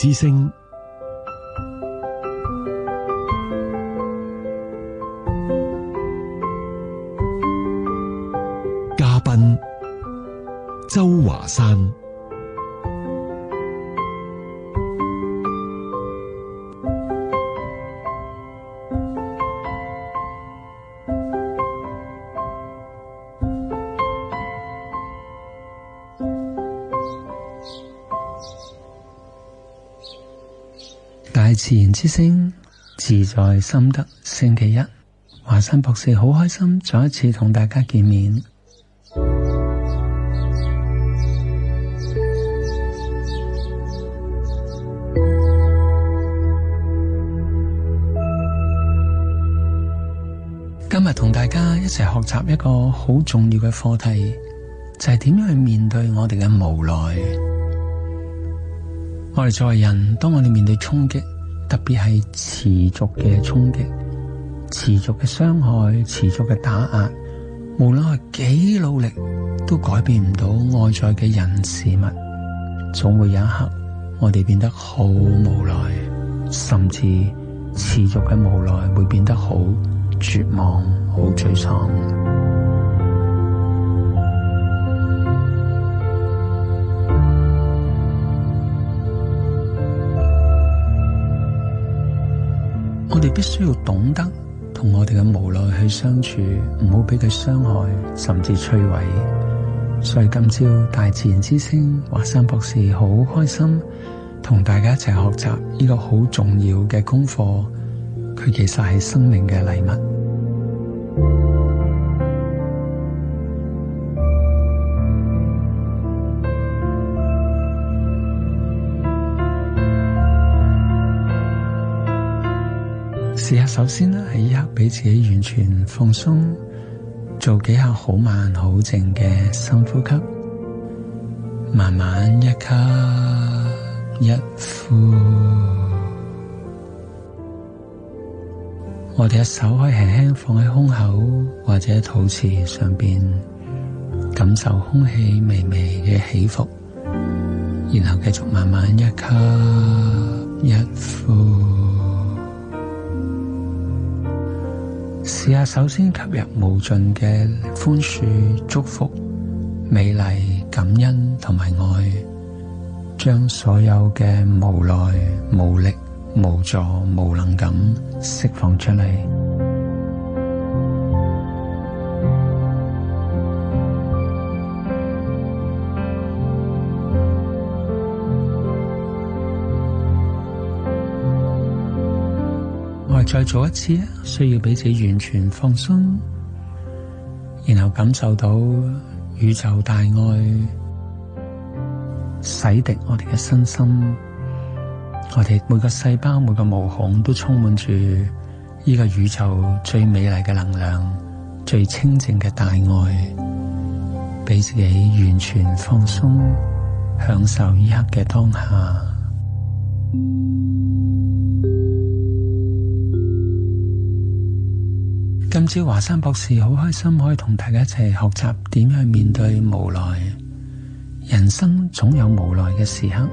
之聲嘉賓周華山。自然之聲自在心得，星期一，華山博士好開心再一次同大家見面。今日同大家一齊學習一個好重要嘅課題，就係點樣去面對我哋嘅無奈。我哋作為人，當我哋面對衝擊。特別係持續嘅衝擊、持續嘅傷害、持續嘅打壓，無論係幾努力，都改變唔到外在嘅人事物。總會有一刻，我哋變得好無奈，甚至持續嘅無奈會變得好絕望、好沮喪。我哋 必須要懂得同我哋嘅無奈去相處，唔好俾佢傷害甚至摧毀。所以今朝大自然之聲，華山博士好開心同大家一齊學習呢個好重要嘅功課。佢其實係生命嘅禮物。試下首先咧，喺呢一刻俾自己完全放鬆，做幾下好慢好靜嘅深呼吸，慢慢一吸一呼。我哋嘅手可以輕輕放喺胸口或者肚臍上邊，感受空氣微微嘅起伏，然後繼續慢慢一吸一呼。試下首先吸入無盡嘅寬恕、祝福、美麗、感恩同埋愛，將所有嘅無奈、無力、無助、無能感釋放出嚟。再做一次，需要俾自己完全放鬆，然後感受到宇宙大愛洗滌我哋嘅身心，我哋每個細胞、每個毛孔都充滿住依個宇宙最美麗嘅能量、最清淨嘅大愛，俾自己完全放鬆，享受依刻嘅當下。今朝華山博士好開心可以同大家一齊學習點樣去面對無奈。人生總有無奈嘅時刻，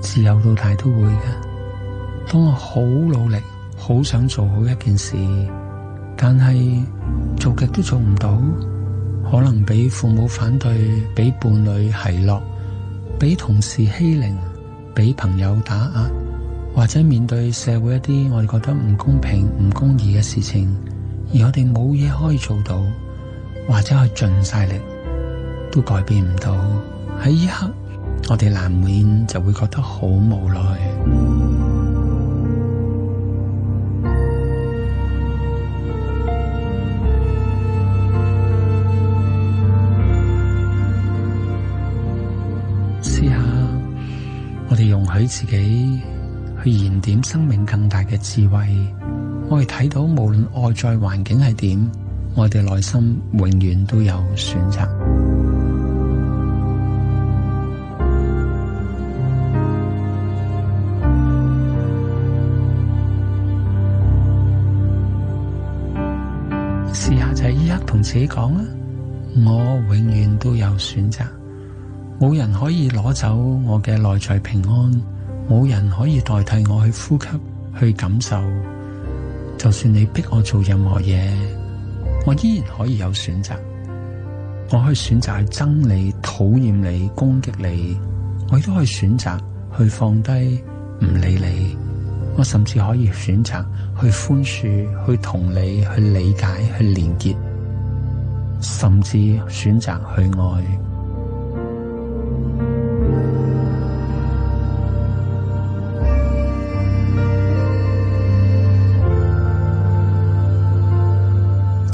自幼到大都會嘅。當我好努力，好想做好一件事，但係做極都做唔到，可能俾父母反對，俾伴侶奚落，俾同事欺凌，俾朋友打壓，或者面對社會一啲我哋覺得唔公平、唔公義嘅事情。而我哋冇嘢可以做到，或者係盡晒力都改變唔到，喺一刻我哋難免就會覺得好無奈。 試下，我哋容許自己去燃點生命更大嘅智慧。我哋睇到無論外在環境係點，我哋內心永遠都有選擇。試下 就係依刻同自己講啦：「我永遠都有選擇。冇人可以攞走我嘅內在平安，冇人可以代替我去呼吸、去感受。」就算你逼我做任何嘢，我依然可以有選擇。我可以選擇去憎你、討厭你、攻擊你，我亦都可以選擇去放低、唔理你。我甚至可以選擇去寬恕、去同理、去理解、去連結，甚至選擇去愛。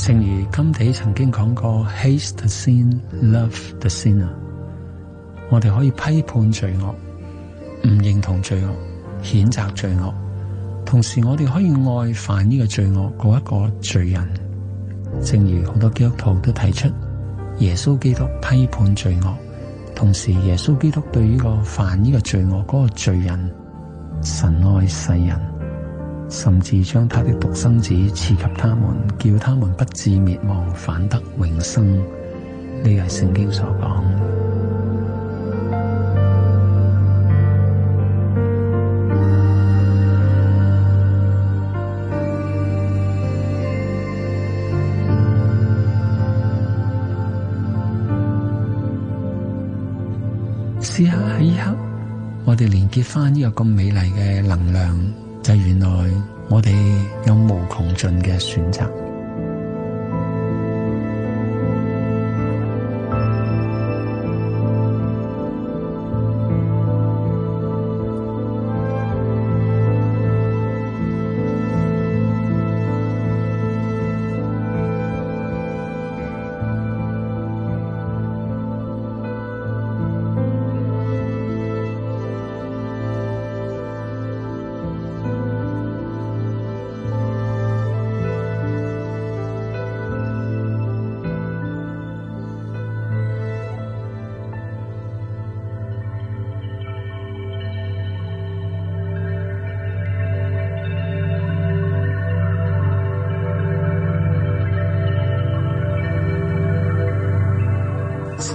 正如甘地曾經講過，hate the sin, love the sinner。我哋可以批判罪惡，唔認同罪惡，譴責罪惡，同時我哋可以愛犯呢個罪惡嗰一個罪人。正如好多基督徒都提出，耶穌基督批判罪惡，同時耶穌基督對於呢個犯呢個罪惡嗰個罪人，神愛世人。甚至將他的獨生子賜給他們，叫他們不至滅亡，反得永生。呢係聖經所講。試 下喺一刻，我哋連結翻呢個咁美麗嘅能量。就係原來我哋有無窮盡嘅選擇。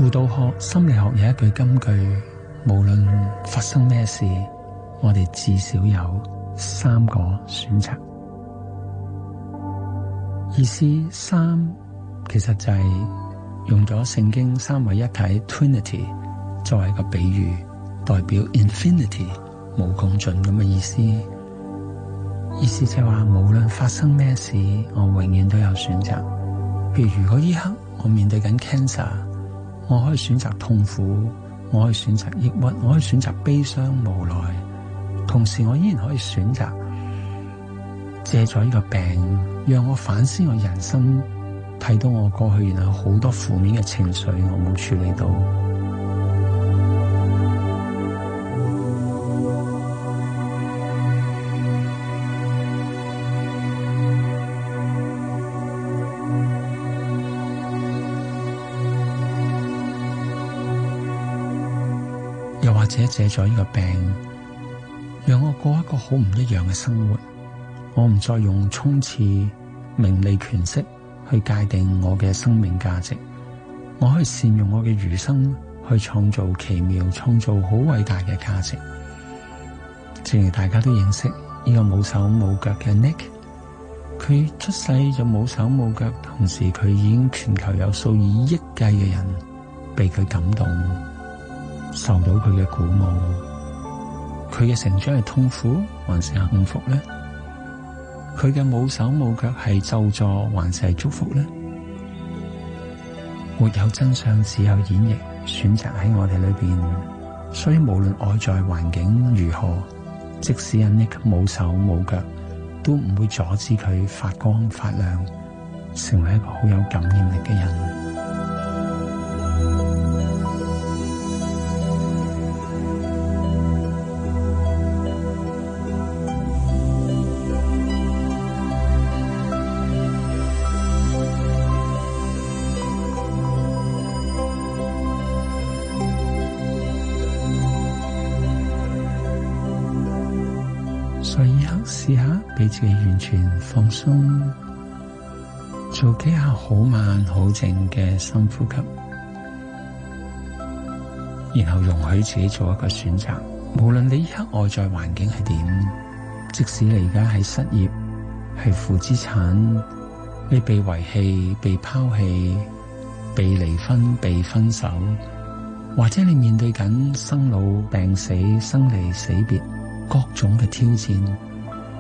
輔導學心理學有一句金句：無論發生咩事，我哋至少有三個選擇。意思三其實就係用咗聖經三位一體 （trinity） 作為一個比喻，代表 infinity 冇窮盡咁嘅意思。意思就係話，無論發生咩事，我永遠都有選擇。譬如如果呢刻我面對緊 cancer。我可以選擇痛苦，我可以選擇抑鬱，我可以選擇悲傷無奈，同時我依然可以選擇借咗呢個病，讓我反思我人生，睇到我過去原來好多負面嘅情緒，我冇處理到。借咗呢個病，讓我過一個好唔一樣嘅生活。我唔再用衝刺、名利、權勢去界定我嘅生命價值。我可以善用我嘅餘生去創造奇妙、創造好偉大嘅價值。正如大家都認識呢個冇手冇腳嘅 Nick，佢出世就冇手冇腳，同時佢已經全球有數以億計嘅人被佢感動。受到佢嘅鼓舞，佢嘅成長係痛苦還是幸福呢？佢嘅冇手冇腳係咒詛還是祝福呢？沒有真相，只有演繹。選擇喺我哋裏邊，所以無論外在環境如何，即使人溺冇手冇腳，都唔會阻止佢發光發亮，成為一個好有感染力嘅人。全放鬆，做幾下好慢好靜嘅深呼吸，然後容許自己做一個選擇。無論你依刻外在環境係點，即使你而家係失業、係負資產、你被遺棄、被拋棄、被離婚、被分手，或者你面對緊生老病死、生離死別各種嘅挑戰。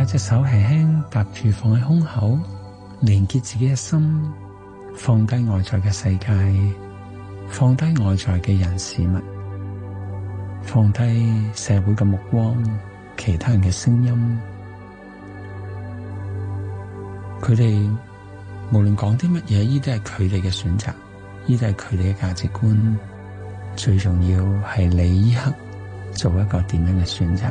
一隻手輕輕搭住放喺胸口，連結自己嘅心，放低外在嘅世界，放低外在嘅人事物，放低社會嘅目光，其他人嘅聲音。佢哋無論講啲乜嘢，呢啲係佢哋嘅選擇，呢啲係佢哋嘅價值觀。最重要係你一刻做一個點樣嘅選擇。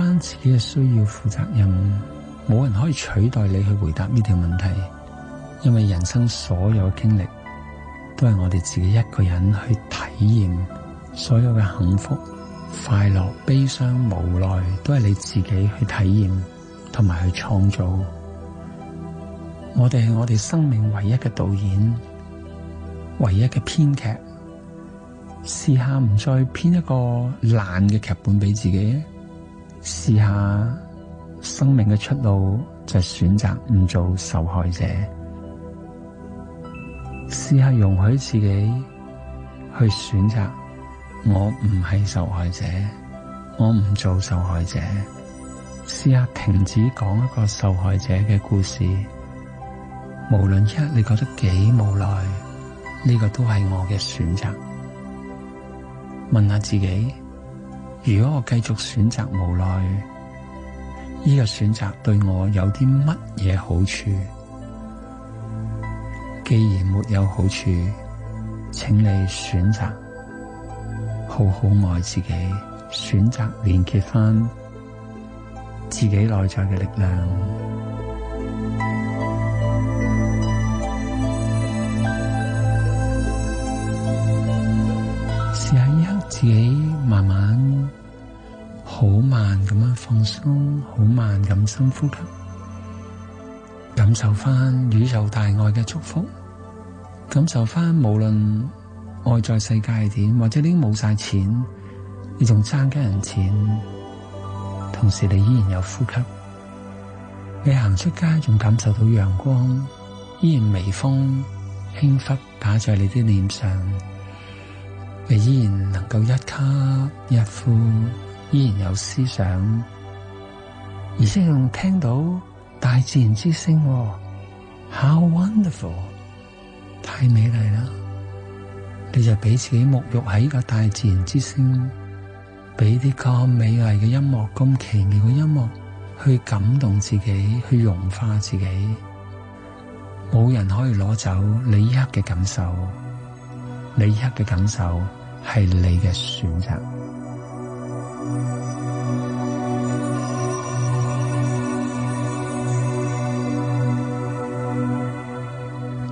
翻自己嘅需要負責任，冇人可以取代你去回答呢條問題。因為人生所有經歷，都係我哋自己一個人去體驗。所有嘅幸福、快樂、悲傷、無奈，都係你自己去體驗同埋去創造。我哋係我哋生命唯一嘅導演，唯一嘅編劇。試下唔再編一個爛嘅劇本俾自己。試下生命嘅出路就係選擇唔做受害者，試下容許自己去選擇，我唔係受害者，我唔做受害者，試下停止講一個受害者嘅故事。無論一刻你覺得幾無奈，呢個都係我嘅選擇。問下自己。如果我繼續選擇無奈，呢、這個選擇對我有啲乜嘢好處？既然沒有好處，請你選擇好好愛自己，選擇連結返自己內在嘅力量，想要自己。慢慢，好慢咁樣放鬆，好慢咁深呼吸，感受翻宇宙大愛嘅祝福，感受翻無論外在世界係點，或者你冇晒錢，你仲爭緊人錢，同時你依然有呼吸，你行出街仲感受到陽光，依然微風輕拂打在你啲臉上。你依然能夠一吸一呼，依然有思想，而且仲聽到大自然之聲。How wonderful！太美麗啦！你就俾自己沐浴喺依個大自然之聲，俾啲咁美麗嘅音樂，咁奇妙嘅音樂去感動自己，去融化自己。冇人可以攞走你一刻嘅感受，你一刻嘅感受。係你嘅選擇，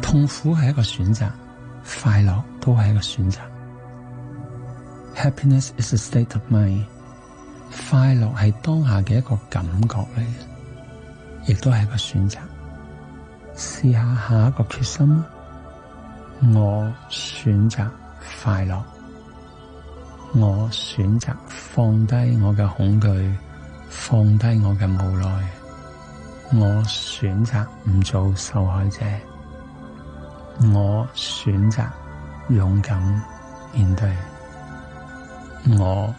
痛苦係一個選擇，快樂都係一個選擇。Happiness is a state of mind。快樂係當下嘅一個感覺嚟嘅，亦都係個選擇。試下下一個決心啊！我選擇快樂。我選擇放低我嘅恐懼，放低我嘅無奈。我選擇唔做受害者。我選擇勇敢面對。我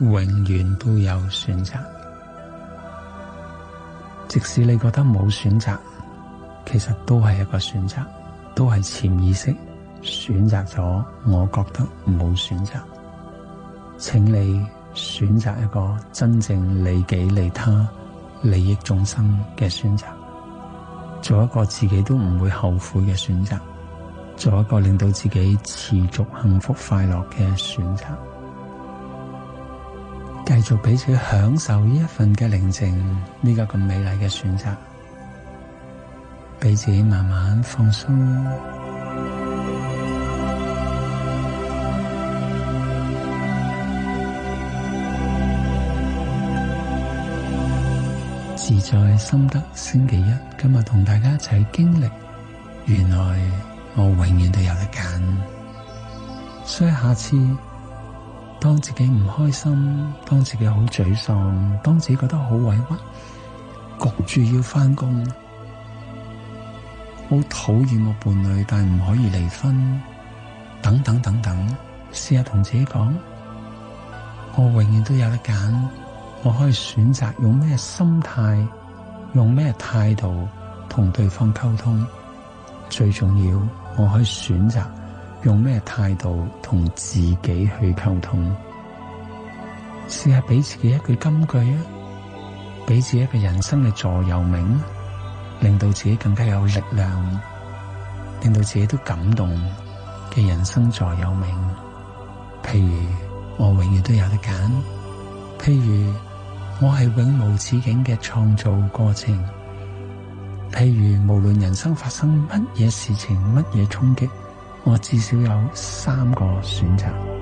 永遠都有選擇。即使你覺得冇選擇，其實都係一個選擇，都係潛意識選擇咗。我覺得冇選擇。請你選擇一個真正利己利他、利益眾生嘅選擇，做一個自己都唔會後悔嘅選擇，做一個令到自己持續幸福快樂嘅選擇，繼續俾自己享受呢一份嘅寧靜，呢個咁美麗嘅選擇，俾自己慢慢放鬆。自在心得星期一，今日同大家一齊經歷，原來我永遠都有得揀，所以下次當自己唔開心，當自己好沮喪，當自己覺得好委屈，焗住要翻工，好討厭我伴侶，但唔可以離婚，等等等等，試下同自己講，我永遠都有得揀。我可以選擇用咩心態，用咩態度同對方溝通。最重要，我可以選擇用咩態度同自己去溝通。試下俾自己一句金句啊，俾自己一個人生嘅座右銘，令到自己更加有力量，令到自己都感動嘅人生座右銘。譬如我永遠都有得揀，譬如。我係永無止境嘅創造過程，譬如無論人生發生乜嘢事情，乜嘢衝擊，我至少有三個選擇。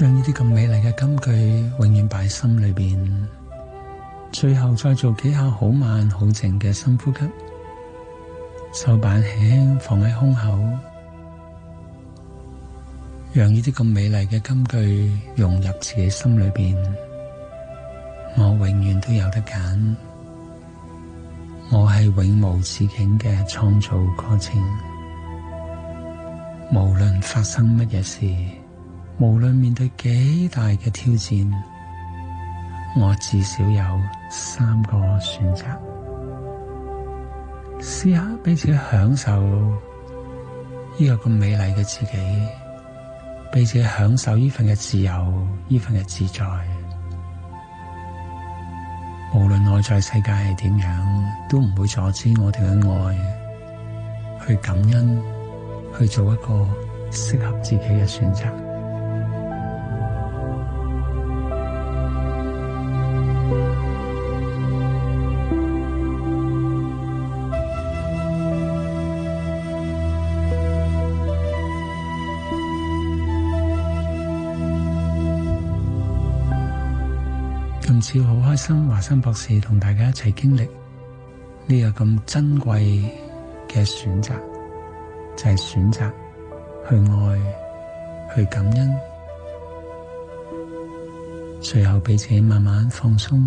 將呢啲咁美麗嘅金句永遠擺喺心裏邊，最後再做幾下好慢好靜嘅深呼吸，手板輕輕放喺胸口，讓呢啲咁美麗嘅金句融入自己心裏邊。我永遠都有得揀，我係永無止境嘅創造過程，無論發生乜嘢事。無論面對幾大嘅挑戰，我至少有三個選擇，試下俾自己享受呢個咁美麗嘅自己，俾自己享受呢份嘅自由，呢份嘅自在。無論外在世界係點樣，都唔會阻止我哋嘅愛去感恩，去做一個適合自己嘅選擇。新華生博士同大家一齊經歷呢個咁珍貴嘅選擇，就係、是、選擇去愛、去感恩，隨後俾自己慢慢放鬆，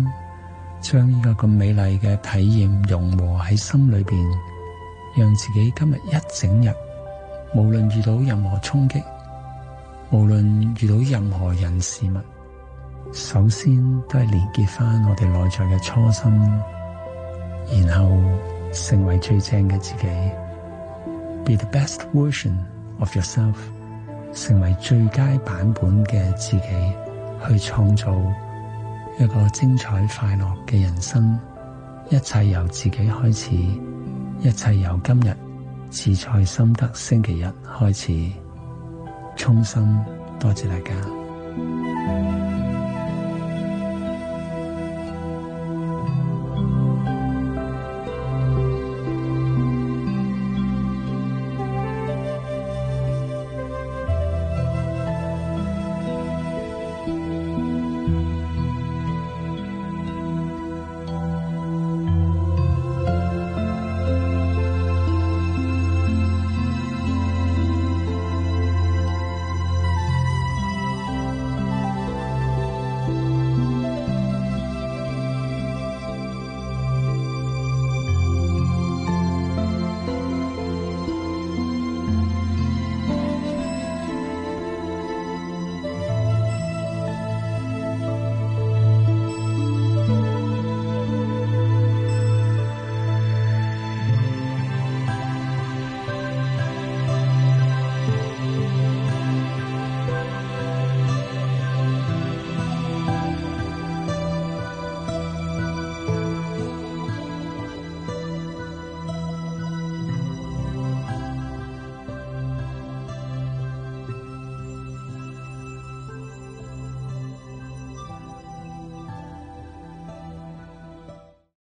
將呢個咁美麗嘅體驗融和喺心裏邊，讓自己今日一整日，無論遇到任何衝擊，無論遇到任何人事物。首先都係連結翻我哋內在嘅初心，然後成為最正嘅自己，Be the best version of yourself，成為最佳版本嘅自己，去創造一個精彩快樂嘅人生。一切由自己開始，一切由今日自在心得星期一開始，衷心多謝大家。